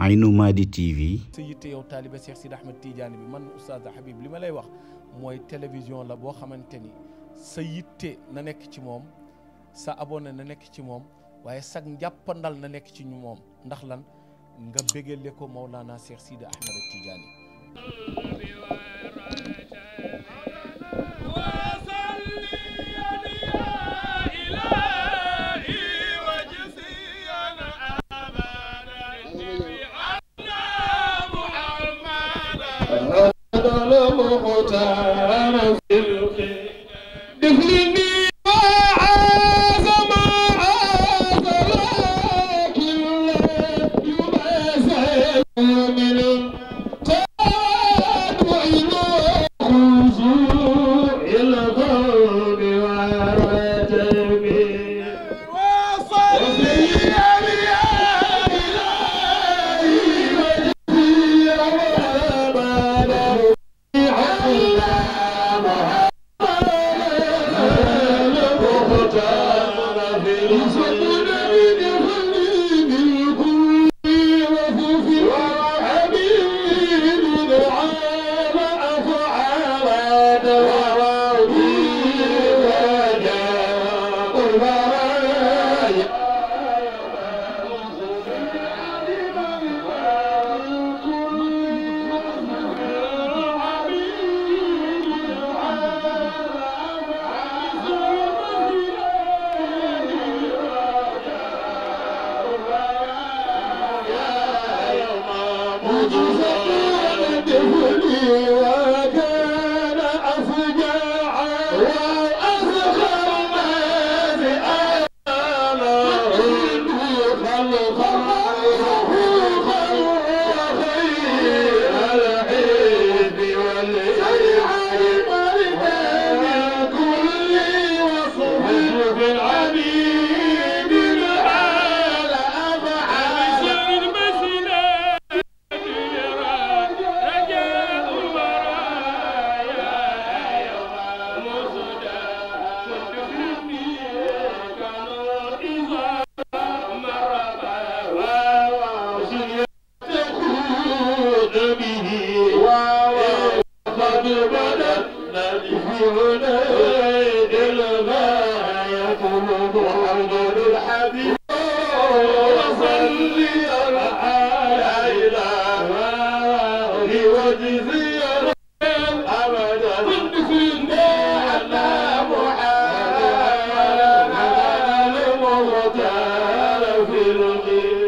Aynou Mady TV. sa yitte yow taaliba Cheikh Sidi Ahmed Tidiane bi man Oustaz Habib li ma lay wax mooy télévision la boo xamante ni sa yitte na nekk ci moom sa abonné na nekk ci moom waaye sag njàppandal na nekk ci ñu moom ndax lan nga bégale ko Maulana Cheikh Sidi Ahmed Tidiane. وتغفر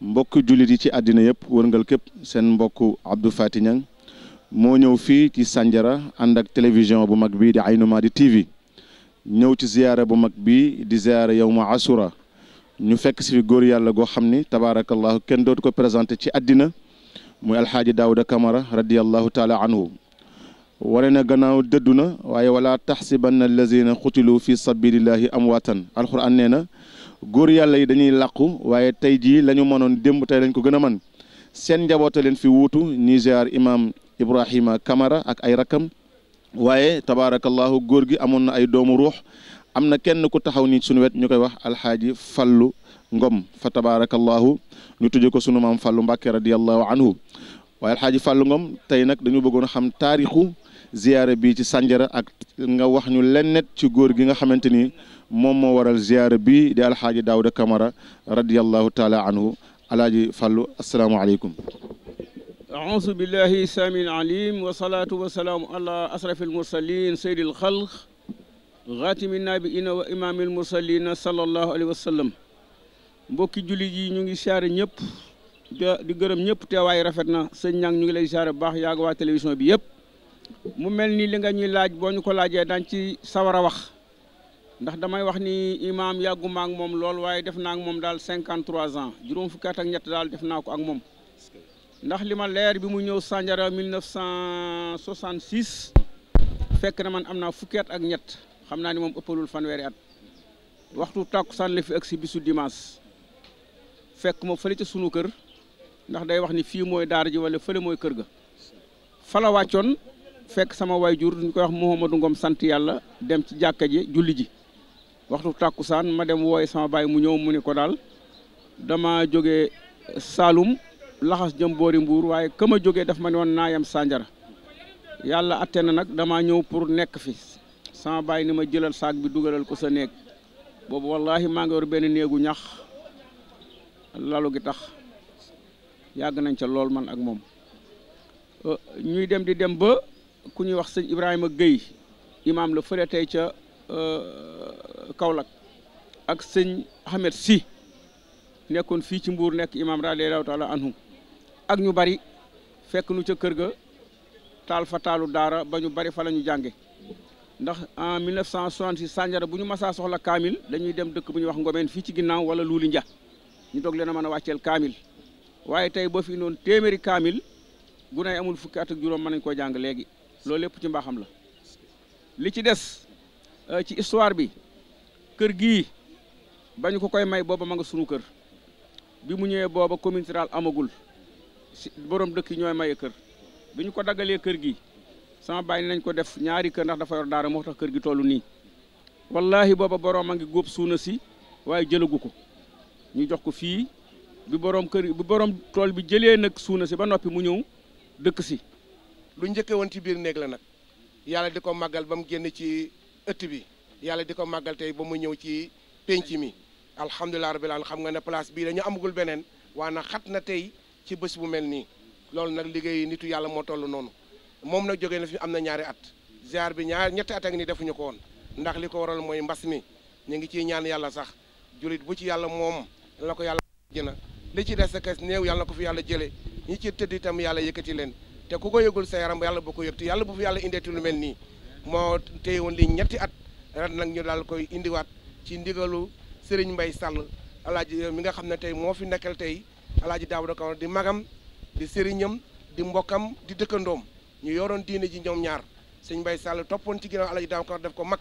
mbokk julit yi ci adina yëpp wërngal képp seen mbokk Abdou Faty Niang moo ñëw fii ci sanjara ànd ak télévision bu mag bii di aynuma di TV ñëw ci ziyaara bu mag bii di ziyaara yawma asura ñu fekk si fi góor yàlla goo xam ni tabaarakallahu kenn dootu ko présenté ci àddina muy alxaaji Daouda kamara radiallahu taala anhu wane na gannaaw dëddu na waaye wala taxsibanna allazina xutilu fi sabilillahi amwatan alquran nee na góor yàlla yi dañuy làqu waaye tey jii lañu ñu mënoon démb tey lañ ko gën a mën seen njaboota leen fi wuutu ñuy ziar imaam Ibrahima Kamara ak ay rakam waaye tabaarakallahu góor gi amoon na ay doomu ruux am na kenn ku taxaw ni suñu wet ñu koy wax alxaaji fallu ngom fa tabaarakallahu ñu tuje ko sunu maam fallu mbàkke radiallahu anhu waaye alxaaji fallu ngom tey nag dañu bëggoon xam taarixu ziyaara bi ci sànjara ak nga wax ñu lennet ci góor gi nga xamante ni موم وارال زيار بي دي الحاج داوود كامارا رضي الله تعالى عنه الحاجي فالو السلام عليكم اعوذ بالله سامي العليم والصلاه وسلام على اشرف المرسلين سيد الخلق غاتم النبيين وامام المرسلين صلى الله عليه وسلم مبوكي جولي جي نيغي سيار نييب دي گرم نييب تيواي رافتنا سيغ نياغ نيغي لاي سيار باخ ياغ وا تيليفزيون بي ييب مو ملني ليغا ني لاج بو نكو لاجي دانتي ساورا واخ ndax damay wax ni imam yagu mak mom lol lool waaye def naa ak dal daal cinquante Nah ans jurum fukki ak ñet dal def ak mom ndax lima leer bi mu ñew sanjara 1966 fekk na man amna naa ak ñet xamna ni mom eppalul fanweeri at waxtu san li fi ak ci bisu dimanche fekk mo fële ci sunu kër ndax day wax ni fi moy daara ji wala moy kër ga fala fekk sama wayjur ñu koy wax Mouhamadou Ngom sant yalla dem ci jàkka julli ji waxtu tàkkusaan ma dem wooye sama baay mu ñëw mu ni ko daal dama jóge Saalum laxas jëm boori Mbuur waaye ka ma jógee daf ma ne naa yam sànjara yàlla atte na nag dama ñëw pour nekk fi sama baay ni ma jëlal saag bi dugalal ko sa néeg boobu wallaahi maa ngi benn néegu ñax lalu gi tax yàgg nañ ca lool man ak moom euh, ñuy dem di dem ba ku ñuy wax sëñ Ibrahima Guèye imaam la fële tey ca Euh, Kaolack ak sëñ Ahmed si nekkoon fii ci Mbour nekk imam radiallahu taala anhum ak ñu bari fekk nu ca kër ga taal fa taalu daara ba ñu bari fa la ñu jànge ndax en 1966 Sandiara bu ñu masaa soxla kaamil dañuy dem dëkk bu ñu wax ngomeen fii ci ginnaaw wala luuli nja ñu doog leen a mën wàcceel kaamil waaye tey boo fi noonu téeméeri kaamil gunay amul fukki at ak juróom mën nañu ko jàng léegi loolu lépp ci mbaaxam la li des Eh, ci histoire bi kër gi bañ ko koy may boba ma nga suñu kër bi mu ñëwé boba commune rurale amagul borom dëkk ñoy may kër bi ko dagalé kër gi sama bàyyi nañ ko def ñaari kër ndax dafa yor daara toluni. tax kër gi tollu ni wallahi boba borom ma ngi gop suuna si waye jëlagu ko ñu jox ko fi bi borom kër bi borom toll bi jëlé nak suuna si ba nopi mu ñëw dëkk si. lu ñëkke won ci biir neeg la nak yalla diko magal bam ci ëtt bi yàlla di ko màggal tey ba mu ñëw ci penc mi alhamdulilah rabbil alamin xam nga ne place bii dañu amagul beneen waa na xat na tey ci bés bu mel nii loolu nag liggéey nitu yàlla moo toll noonu moom nag jógee na fi am na ñaari at ziar bi ñaar ñetti at ak ni defuñu ko woon ndax li ko waral mooy mbas mi ñu ngi ciy ñaan yàlla sax julit bu ci yàlla moom la ko yàlla jëna li ci des ak néew yàlla ko fi yàlla jële ñi ci tëdd itam yàlla yëkkati leen te ku ko yëgul sa yaram yàlla bu ko yëg yàlla bu fi yàlla lu mel nii moo téye woon li ñetti at ren nag ñu daal koy indiwaat ci ndigalu sëriñ mbay Sall alaaji euh, mi nga xam ne tey moo fi nekkal tey alaaji Daouda Camara di magam di sëriñam di mbokkam di dëkkandoom ñu yoroon diine ji ñoom ñaar sëñ Mbaye Sall toppoon ci ginnaaw alaaji Daouda def ko mag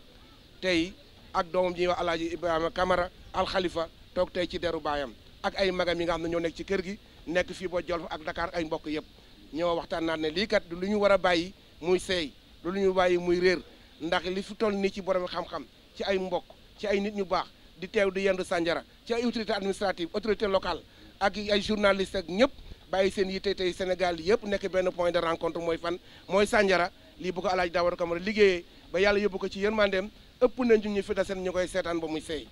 tey ak doomam ji ñuy wax alaaji Ibrahima kamara alxalifa toog tey ci deru baayam ak ay magam yi nga xam ne ñoo nekk ci kër gi nekk fii ba Jolof ak ndakaar ay mbokk yëpp ñoo waxtaan naa ne lii kat du lu ñu war a bàyyi muy sey loolu ñu bàyyi muy réer ndax li fi toll nii ci borom xam-xam ci ay mbokk ci ay nit ñu baax di teew di yendu sànjara ci ay autorité administrative autorité locale ak ay journaliste ak ñëpp bàyyi seen yitte tey Sénégal yëpp nekk benn point de rencontre mooy fan mooy sànjara lii bu ko alaaj Daawar Kamara liggéeyee ba yàlla yóbbu ko ci yërmandeem ëpp nañ ñu ñu fi seen ñu koy seetaan ba muy seey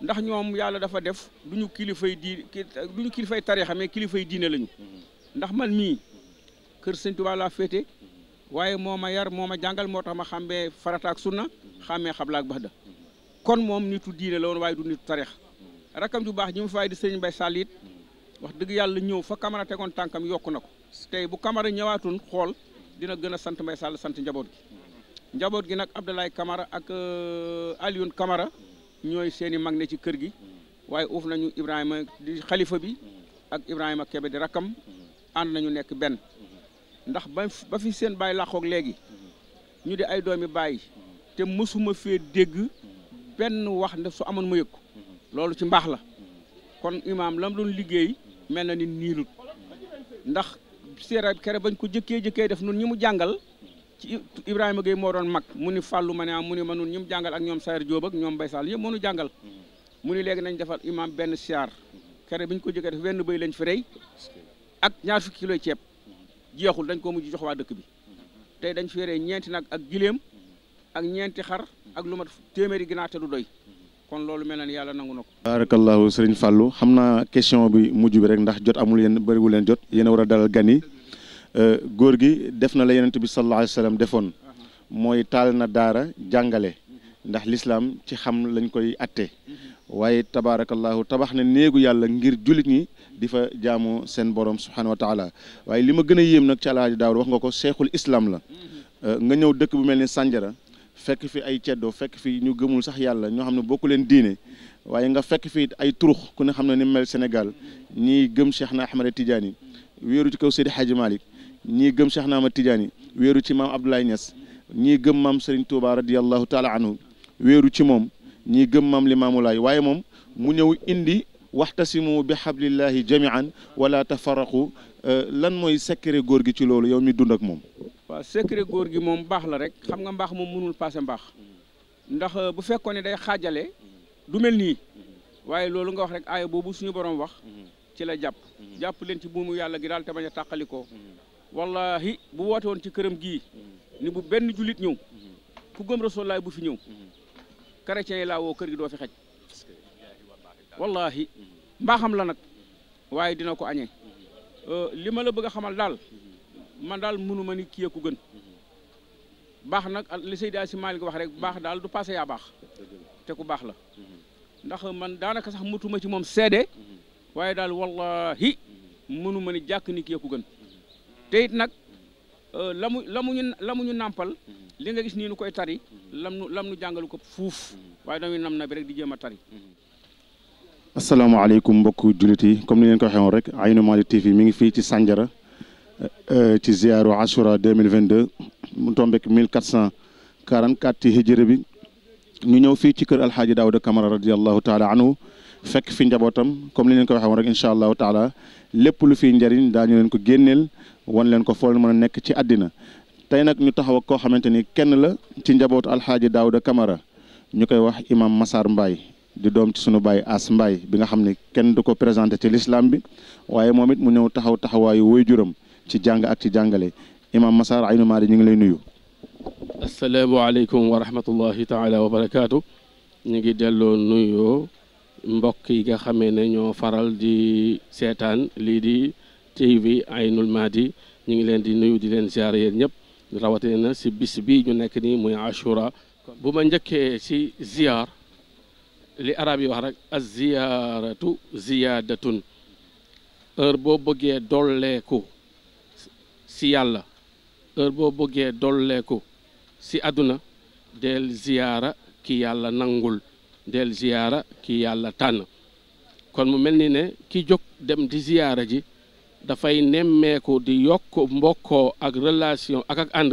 ndax ñoom yàlla dafa def du ñu kilifay di du ñu kilifay tarixa mais kilifay diine lañu mm-hmm. ndax man mii kër Sëñ Tuubaa féete waaye moo ma yar moo ma jàngal moo tax ma xàmmee farata ak sunna xàmmee xabla ba baxda kon moom nitu diine la woon waaye du nitu tarix rakam ju baax ñi mu fay di sëriñ Mbay saaliit wax dëgg yàlla ñëw fa Camara tegoon tànkam yokku na ko tey bu kamara ñëwaatoon xool dina gën a sant Mbay Sall sant njaboot gi njaboot gi nag Abdoulaye kamara ak euh, Alioune kamara ñooy seeni mag ne ci kër gi waaye uuf nañu Ibrahima di xalifa bi ak Ibrahima Kebe di rakam ànd nañu nekk benn ndax ba fi seen bay laxok legi ñu di ay doomi bay te musuma fe deg ben wax ne su amon mu yëg lolu ci mbax la kon imam lam doon liggey mel na ni niilut ndax sera kere bañ ko jëkkee jëkkee def nun ñimu jangal ci Ibrahima Gueye mo doon mak muni fallu mané ma ne am ah, muni ni ma nun ak ñom Sayar job ak ñom baysal Sall yëpp mënu jàngal nañ defal imam ben siar kere biñ ko def ben bay lañ fi rey ak ñaar fukki loy ciép jeexul dañ ko mujj jox waa dëkk bi tey dañ feeree ñeenti nag ak giléem ak ñeenti xar ak lu mat téeméeri ginaar te doy kon loolu mel na ni yàlla nangu na ko. baarakallahu sëriñ Fallou xam naa question bi mujj bi rek ndax jot amul yéen bëriwu leen jot yéen a war a dalal gan yi euh, góor gi def na la yonent bi sallallahu alayhi wa defoon mooy taal na daara jàngale. ndax lislaam ci xam lañ koy atte waaye tabaarakallahu tabax na néegu yàlla ngir jullit ñi di fa jaamu seen borom subhaanahu wa taala waaye li ma gën a yéem nag ci alaaji daawar wax nga ko seexul islaam la euh, nga ñëw dëkk bu mel ni Sanjara fekk fi ay ceddo fekk fi ñu gëmul sax yàlla ñoo xam ne bokk leen diine waaye nga fekk fii ay turux ku ne xam ne ni mel senegal ñii gëm Cheikh na Ahmada Tidiane wéeru ci kaw Seydi Hadji Malick ñii gëm Cheikh na Ahmada Tidiane wéeru ci maam Abdoulaye Niass ñii gëm maam Serigne Touba radiyallahu taala wéru ci moom ñi gëm mam Limaamu Laay waaye moom mu ñëw indi waxtasimu bi xablillahi jamian wala tafaraqu lan mooy secret góor gi ci loolu yow mi dund ak moom waaw secret góor gi moom baax la rek xam nga mbaax moom mënul passé mbaax ndax bu fekkoon ne day xaajale du mel nii waaye loolu nga wax rek aaya boobu suñu borom wax ci la jàpp jàpp leen ci buumu yàlla gi daal te bañ a tàqalikoo wallahi bu woote woon ci këram gii ni bu benn julit ñëw ku gëm rasulaay bu fi ñëw chrétien yi laa woo kër gi doo fi xaj wallahi mbaaxam la nag waaye dina ko añee euh, li ma la bëgg a xamal daal man daal mënu ma ni kii ku gën baax nag li Seydi Asi Maalik wax rek baax daal du paase yaa baax te ku baax la ndax man daanaka sax mutuma ci moom seede waaye daal wallahi mënu ni jàkk ni kii ku gën te nag Euh, la mu la mu ñu la mu ñu nàmpal mm-hmm. li nga gis nii nu koy tari mm-hmm. lam nu lam nu jàngalu ko fuuf mm-hmm. waaye dañuy nam na bi rek di jéem a tari asalaamaaleykum mbokk jullit yi comme ni leen ko xewoon rek Aïnou Mady TV mi ngi fii ci Sandiara euh, ci ziaru Ashura 2022 mu tombek 1444 ci hijra bi ñu ñëw fii ci kër alxaaji Daouda Camara radiallahu taala anhu fekk fi njabootam comme li leen ko waxee woon rek incha allahu taala lépp lu fi njariñ daañu leen ko génneel wan leen ko foo leen mën a nekk ci àddina tey nag ñu taxaw ak koo xamante ni kenn la ci njabootu alxaaji Daouda kamara ñu koy wax imam Massar Mbaye di doom ci sunu baay As Mbaye bi nga xam ne kenn du ko présenté ci lislaam bi waaye moom it mu ñëw taxaw taxawaayu woy waajuram ci jàng ak ci jàngale imam Massar Aynu Maadi ñu ngi lay nuyu. asalaamaaleykum wa rahmatullahi taala wa barakaatu ñu ngi delloo nuyoo mbokk yi nga xamee ne ñoo faral di seetaan lii di. TV Aynul Mahdi ñu ngi leen di nuyu di leen ziare yéen ñëpp na si bis bi ñu nekk nii muy Ashura bu ma njëkkee si ziar li arab yi wax rek az-ziyaaratu ziyaadatun heure boo bëggee dolleeku si yàlla heure boo bëggee dolleeku si àdduna del ziyaara ki yàlla nangul del ziyaara ki yàlla tànn kon mu mel ni ne ki jóg dem di ziyaara ji dafay nemmeeku di yokk mbokkoo ak relation ak ak ànd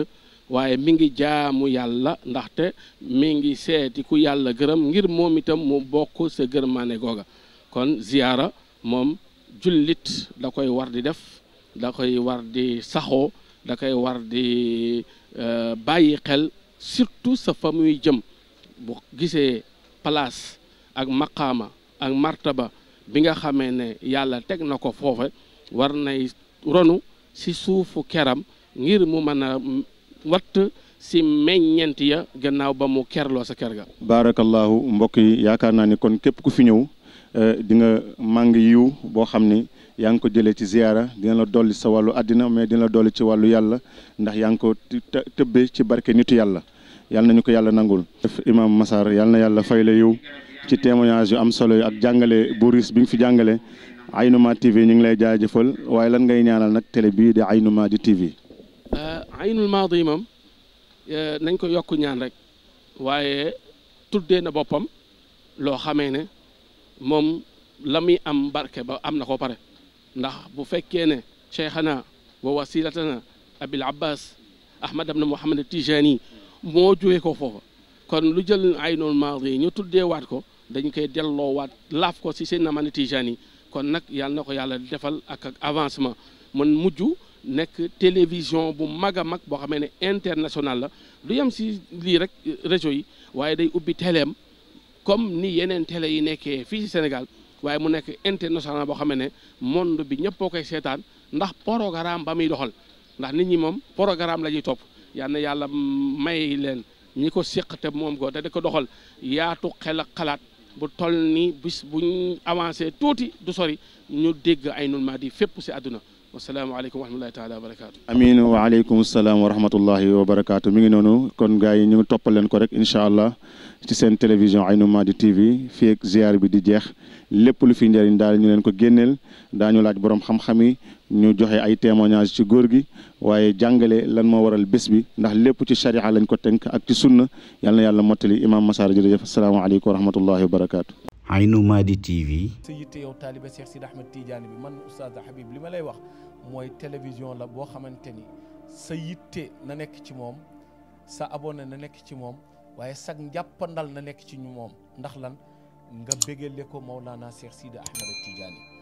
waaye mi ngi jaamu yàlla ndaxte mi ngi seeti ku yàlla gërëm ngir moom itam mu bokk sa gërëmaane googa kon ziyaara moom jullit da koy war di def da koy war di saxoo da koy war di e, bàyyi xel surtout sa fa muy jëm bu gisee place ak maqaama ak martaba bi nga xamee ne yàlla teg na ko foofe war nay ronu ci suufu keram ngir mu mën a watt si meññeent ya gannaaw ba mu kerloo sa ker ga baarakallaahu mbokk yi yaakaar naa ni kon képp ku fi ñëw eh, di nga màng yiw boo xam ni yaa ngi ko jëlee ci ziyaara dina la dolli sa wàllu àddina mais dina la dolli ci wàllu yàlla ndax yaa ngi ko tëbbee ci barke nitu yàlla yàlla nañu ko yàlla nangul def imam Massar yàlla na yàlla fay la yiw ci témoignage yu am solo yi ak jàngale bu bi nga fi jàngale Aïnouma TV ñu ngi lay jaajëfal waaye lan ngay ñaanal nag télé bii di Aïnouma di TV. Euh, Aïnul Maadi moom euh, nañ ko yokk ñaan rek waaye tuddee na boppam loo xamee ne moom la muy am barke ba am na ko pare ndax bu fekkee ne cheikhana wa wasilatana abil abbas ahmad ibn muhammad tijani moo jógee ko foofa kon lu jël ay Aïnul Maadi ñu tuddee waat ko dañ koy delloo waat laaf ko si seen na amane tijani kon nak yalla nako yalla defal ak avancement man muju nek télévision bu maga mag bo xamee international la du yam ci li rek région yi waye day ubbi téléem comme ni yenen télé yi nekkee fi ci Sénégal waye mu nek international bo xamee monde bi ñepp boo koy seetaan ndax programme bamuy doxal ndax nit ñi mom programme lañuy top yalla yalla may leen ñiko ko séq te moom ko te di ko doxal yaatu xel ak xalaat bu toll ni bis buñ avancé tuuti du sori ñu dégg ay nul maa di fépp si àdduna والسلام عليكم ورحمه الله تعالى وبركاته امين وعليكم السلام ورحمه الله وبركاته ميغي نونو كون غاي نيو توبال لنكو ان شاء الله سي سين تيليفزيون عينو مادي تي في فيك زيار بي دي جيخ في نديرين دال ني لنكو генيل دا نيو لاج بروم خام خامي نيو جوخي اي تيموناج سي غورغي واي جانغالي لان مو ورال بيس بي نده ليپ سي شريعه لنكو تنك اك سي امام مسار جيرجف السلام عليكم ورحمه الله وبركاته Aynou Mady TV. sa yitte yow taalibe Cheikh Sidi Ahmed Tidiane bi man Oustaz Habib li ma lay wax mooy télévision la boo xamante ni sa yitte na nekk ci moom sa abonné na nekk ci moom waaye sag njàppandal na nekk ci ñu moom ndax lan nga bégale ko Maulana Cheikh Sidi Ahmed Tidiane.